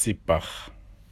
Sipach.